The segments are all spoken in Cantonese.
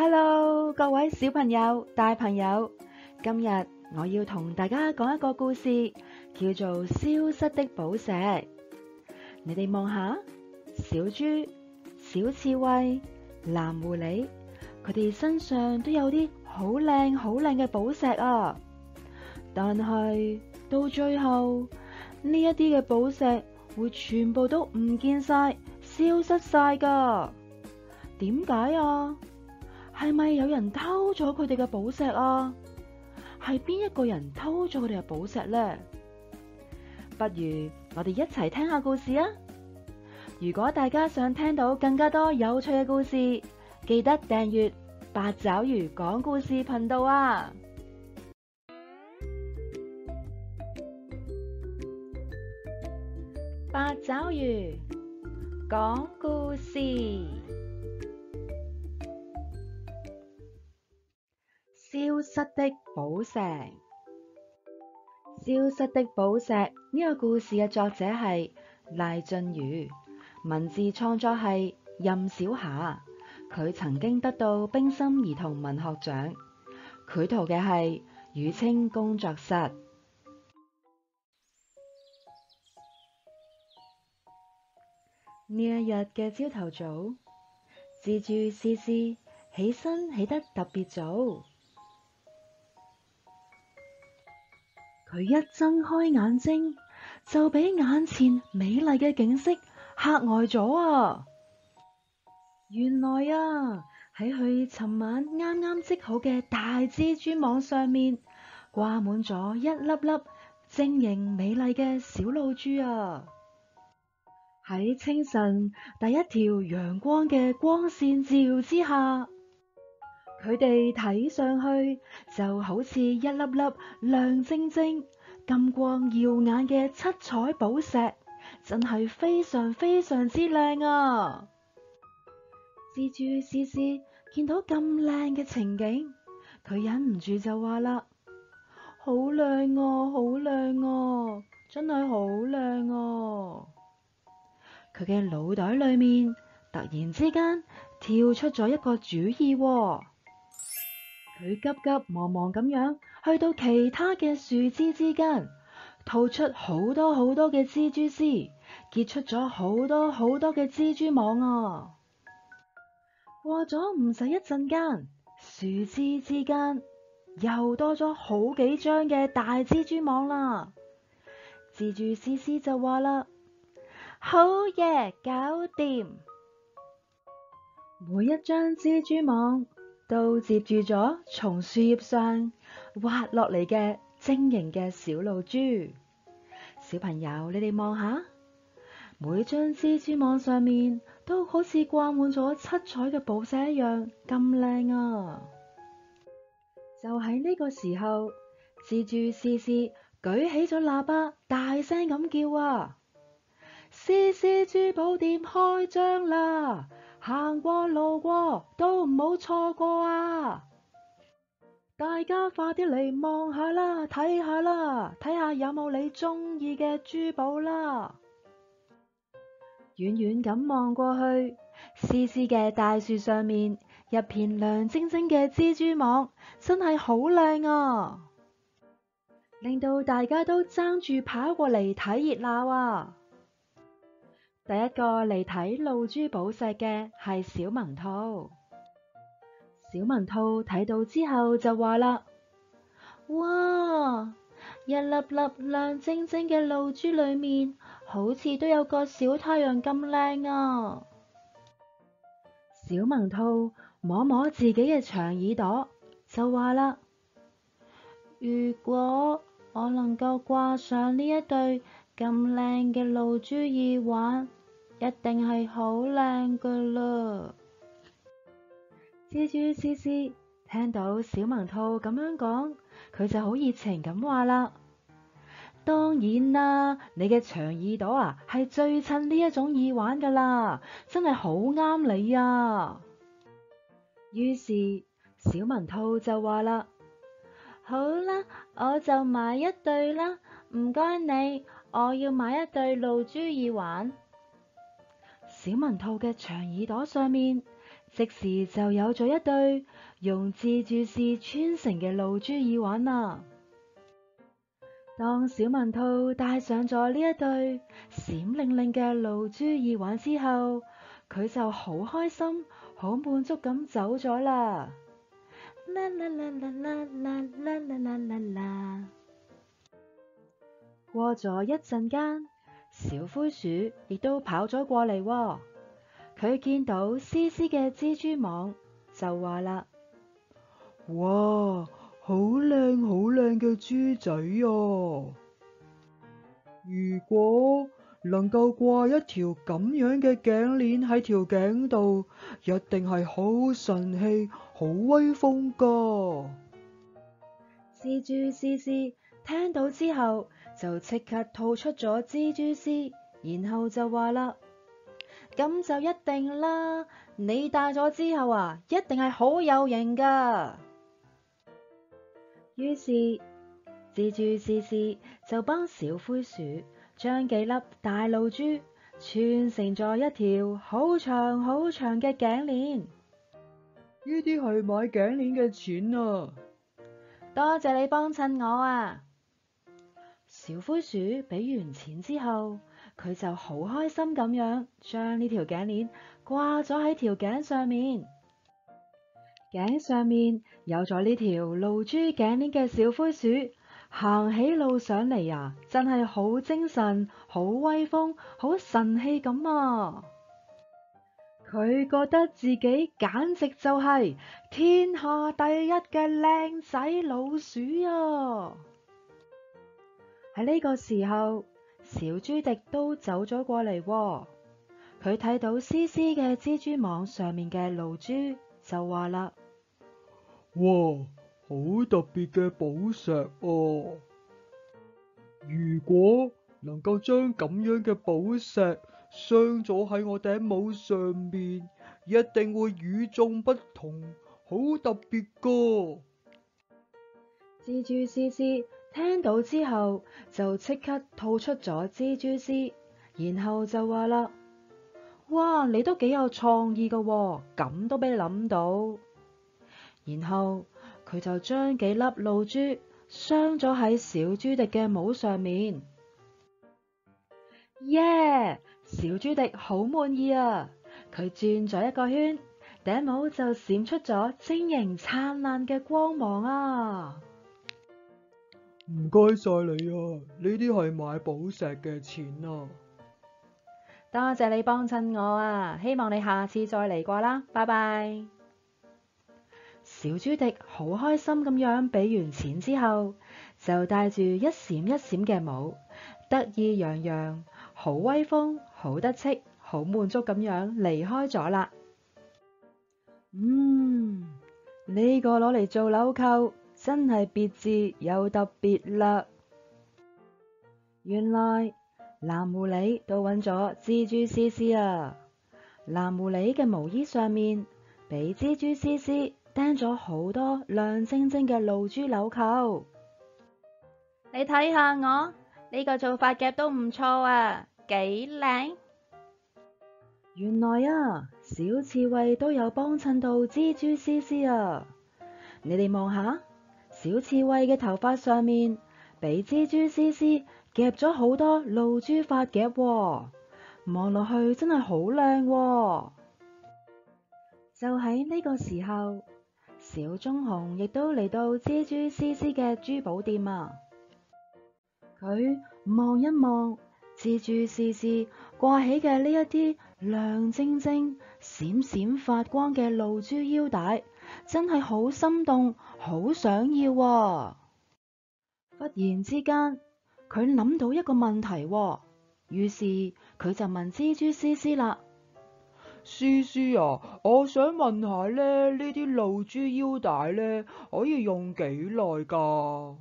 Hello，各位小朋友、大朋友，今日我要同大家講一個故事，叫做《消失的寶石》。你哋望下，小豬、小刺蝟、藍狐狸，佢哋身上都有啲好靚、好靚嘅寶石啊。但係到最後，呢一啲嘅寶石會全部都唔見晒，消失晒噶。點解啊？係咪有人偷咗佢哋嘅寶石啊？係邊一個人偷咗佢哋嘅寶石呢？不如我哋一齊聽下故事啊！如果大家想聽到更加多有趣嘅故事，記得訂閱八爪魚講故事頻道啊！八爪魚講故事。消失的寶石。消失的寶石呢個故事嘅作者係賴峻儒，文字創作係任小霞，佢曾經得到冰心兒童文學獎。佢圖嘅係雨青工作室。呢一日嘅朝頭早，蜘蛛絲絲起身起得特別早。佢一睜開眼睛，就俾眼前美麗嘅景色嚇呆咗啊！原來啊，喺佢尋晚啱啱織好嘅大蜘蛛網上面，掛滿咗一粒粒晶瑩美麗嘅小露珠啊！喺清晨第一條陽光嘅光線照之下，佢哋睇上去就好似一粒粒亮晶晶咁光耀眼嘅七彩寶石，真係非常非常之靚啊！蜘蛛絲絲見到咁靚嘅情景，佢忍唔住就話啦：「好靚啊，好靚啊，真係好靚啊！」佢嘅腦袋裏面突然之間跳出咗一個主意啊。佢急急忙忙咁樣去到其他嘅樹枝之間，吐出好多好多嘅蜘蛛絲，結出咗好多好多嘅蜘蛛網啊。過咗唔使一陣間，樹枝之間又多咗好幾張嘅大蜘蛛網啦。蜘蛛絲絲就話啦：好嘢，搞掂！每一張蜘蛛網。都接住咗從樹葉上滑落嚟嘅晶瑩嘅小露珠。小朋友，你哋望下，每張蜘蛛網上面都好似掛滿咗七彩嘅寶石一樣，咁靚啊！就喺呢個時候，蜘蛛絲絲舉起咗喇叭，大聲咁叫啊！絲絲珠寶店開張啦！行過路過都唔好錯過啊！大家快啲嚟望下啦，睇下啦，睇下有冇你鍾意嘅珠寶啦！遠遠咁望過去，絲絲嘅大樹上面，一片亮晶晶嘅蜘蛛網，真係好靚啊！令到大家都爭住跑過嚟睇熱鬧啊！第一個嚟睇露珠寶石嘅係小萌兔，小萌兔睇到之後就話啦：哇，一粒粒亮晶晶嘅露珠裏面，好似都有個小太陽咁靚啊！小萌兔摸摸自己嘅長耳朵就，就話啦：如果我能夠掛上呢一對咁靚嘅露珠耳環。一定係好靚噶啦！蜘蛛絲絲聽到小萌兔咁樣講，佢就好熱情咁話啦：當然啦，你嘅長耳朵啊，係最襯呢一種耳環噶啦，真係好啱你啊！於是小萌兔就話啦：好啦，我就買一對啦，唔該你，我要買一對露珠耳環。小文兔嘅長耳朵上面，即時就有咗一對用蜘蛛絲穿成嘅露珠耳環啦。當小文兔戴上咗呢一對閃令令嘅露珠耳環之後，佢就好開心、好滿足咁走咗啦。啦啦啦啦啦啦啦啦啦啦，過咗一陣間。小灰鼠亦都跑咗過嚟，佢見到絲絲嘅蜘蛛網就話啦：哇，好靚好靚嘅珠仔哦、啊！如果能夠掛一條咁樣嘅頸鏈喺條頸度，一定係好神氣、好威風噶。蜘蛛絲絲聽到之後。就即刻吐出咗蜘蛛絲，然後就話啦：咁就一定啦，你戴咗之後啊，一定係好有型噶。 於是蜘蛛絲絲就幫小灰鼠將幾粒大露珠串成咗一條好長好長嘅頸鏈。呢啲係買頸鏈嘅錢啊！多謝你幫襯我啊！小灰鼠俾完錢之後，佢就好開心咁樣，將呢條頸鏈掛咗喺條頸上面。頸上面有咗呢條露珠頸鏈嘅小灰鼠，行起路上嚟啊，真係好精神、好威風、好神氣咁啊！佢覺得自己簡直就係天下第一嘅靚仔老鼠啊！喺呢個時候，小豬迪都走咗過嚟、哦。佢睇到絲絲嘅蜘蛛網上面嘅露珠，就話啦：哇，好特別嘅寶石啊、哦！如果能夠將咁樣嘅寶石鑲咗喺我頂帽上面，一定會與眾不同，好特別噶。蜘蛛絲絲，聽到之後就即刻吐出咗蜘蛛絲，然後就話啦：哇，你都幾有創意噶喎，咁都俾你諗到。然後佢就將幾粒露珠鑲咗喺小豬迪嘅帽上面。耶！小豬迪好滿意啊，佢轉咗一個圈，頂帽就閃出咗晶瑩燦爛嘅光芒啊！唔該晒你啊，呢啲係買寶石嘅錢啊！多謝你幫襯我啊，希望你下次再嚟過啦，拜拜！小朱迪好開心咁樣俾完錢之後，就戴住一閃一閃嘅帽，得意洋洋，好威風，好得戚，好滿足咁樣離開咗啦。嗯，呢個攞嚟做紐扣。真係別致又特別啦！原來藍狐狸都揾咗蜘蛛絲絲啊。藍狐狸嘅毛衣上面俾蜘蛛絲絲釘咗好多亮晶晶嘅露珠紐扣。你睇下我呢個做法嘅都唔錯啊，幾靚！原來啊，小刺猬都有幫襯到蜘蛛絲絲啊。你哋望下。小刺蝟嘅頭髮上面，俾蜘蛛絲絲夾咗好多露珠髮夾，望落去真係好靚。就喺呢個時候，小棕熊亦都嚟到蜘蛛絲絲嘅珠寶店啊！佢望一望，蜘蛛絲絲掛起嘅呢一啲亮晶晶、閃閃發光嘅露珠腰帶。真係好心動，好想要喎！忽然之間，佢諗到一個問題喎，於是佢就問蜘蛛絲絲啦：絲絲啊，我想問下咧，呢啲露珠腰帶咧可以用幾耐噶？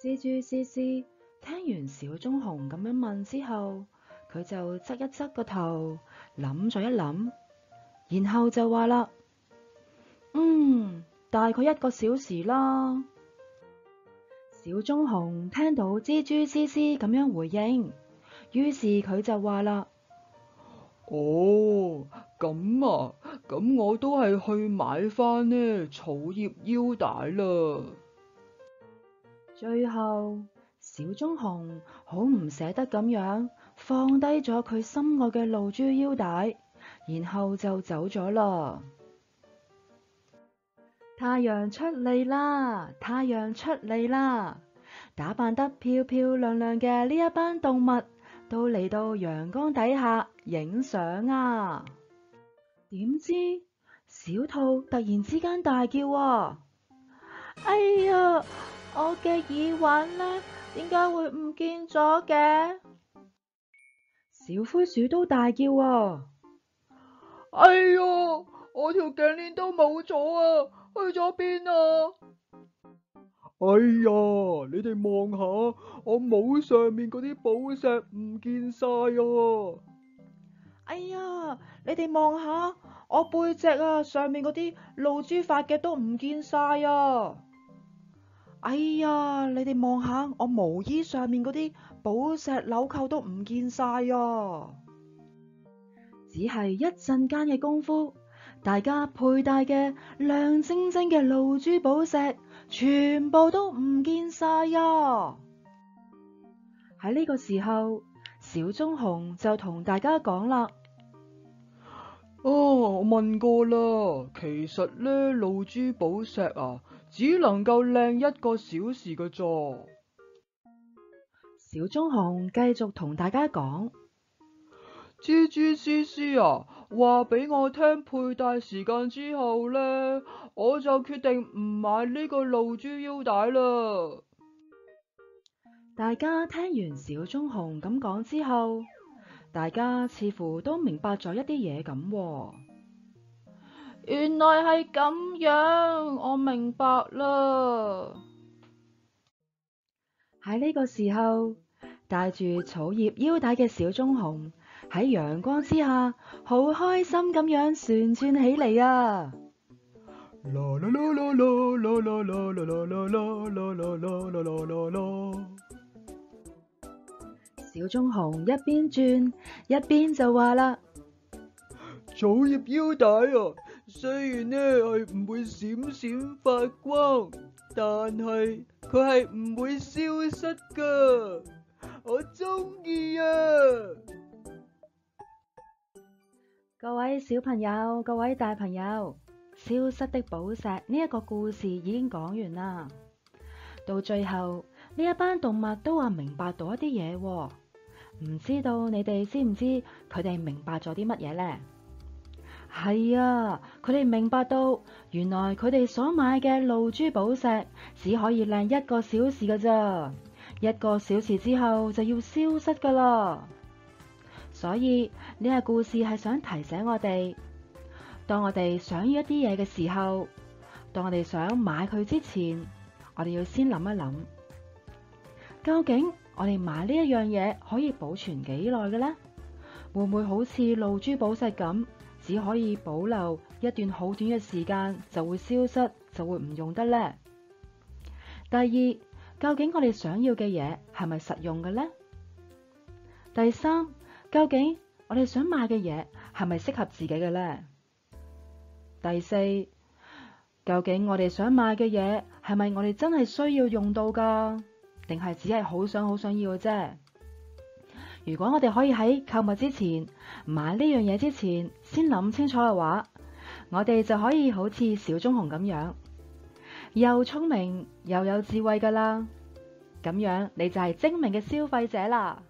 蜘蛛絲絲聽完小棕熊咁樣問之後，佢就側一側個頭，諗咗一諗，然後就話啦。嗯，大概一個小時啦。小棕熊聽到蜘蛛絲絲咁樣回應，於是佢就話啦：「哦，咁啊，咁我都係去買翻呢草葉腰帶啦。最後，小棕熊好唔捨得咁樣放低咗佢心愛嘅露珠腰帶，然後就走咗啦。太陽出嚟啦！太陽出嚟啦！打扮得漂漂亮亮嘅呢一班動物都嚟到陽光底下影相啊！點知小兔突然之間大叫啊：哎呀，我嘅耳環呢？點解會唔見咗嘅？小灰鼠都大叫啊：哎唷，我條頸鏈都冇咗啊！去咗邊啊！哎呀，你哋望下，我帽上面嗰啲寶石唔見晒啊，哎、啊！哎呀，你哋望下，我背脊啊上面嗰啲露珠髮夾都唔見晒啊！哎呀，你哋望下，我毛衣上面嗰啲寶石紐扣都唔見晒啊！只係一陣間嘅功夫。大家佩戴嘅亮晶晶嘅露珠寶石，全部都唔見晒呀！喺呢個時候，小棕熊就同大家講啦：哦，我問過啦，其實呢露珠寶石啊，只能夠靚一個小時㗎咋。小棕熊繼續同大家講：蜘蛛絲絲啊！話俾我聽佩戴時間之後呢，我就決定唔買呢個露珠腰帶啦。大家聽完小棕熊咁講之後，大家似乎都明白咗一啲嘢咁。原來係咁樣，我明白啦。喺呢個時候，戴住草葉腰帶嘅小棕熊。喺陽光之下，好開心咁樣旋轉起嚟啊！啦啦啦啦啦啦啦啦啦啦啦啦啦啦啦啦啦！小棕熊一邊轉一邊就話啦：草葉腰帶啊，雖然呢係唔會閃閃發光，但係佢係唔會消失噶，我中意啊！各位小朋友，各位大朋友，消失的寶石呢一個故事已經講完啦。到最後呢一班動物都話明白到一啲嘢，唔知道你哋知唔知佢哋明白咗啲乜嘢呢？係啊，佢哋明白到原來佢哋所買嘅露珠寶石只可以靚一個小時嘅咋，一個小時之後就要消失噶啦。所以呢個故事係想提醒我哋，當我哋想要一啲嘢嘅時候，當我哋想買佢之前，我哋要先諗一諗，究竟我哋買呢一樣嘢可以保存幾耐嘅呢？會唔會好似露珠寶石咁，只可以保留一段好短嘅時間，就會消失，就會唔用得呢？第二，究竟我哋想要嘅嘢係咪實用嘅呢？第三。究竟我哋想買嘅嘢係咪適合自己嘅咧？第四，究竟我哋想買嘅嘢係咪我哋真係需要用到噶，定係只係好想好想要嘅啫？如果我哋可以喺購物之前買呢樣嘢之前先諗清楚嘅話，我哋就可以好似小棕熊咁樣，又聰明又有智慧噶啦。咁樣你就係精明嘅消費者啦。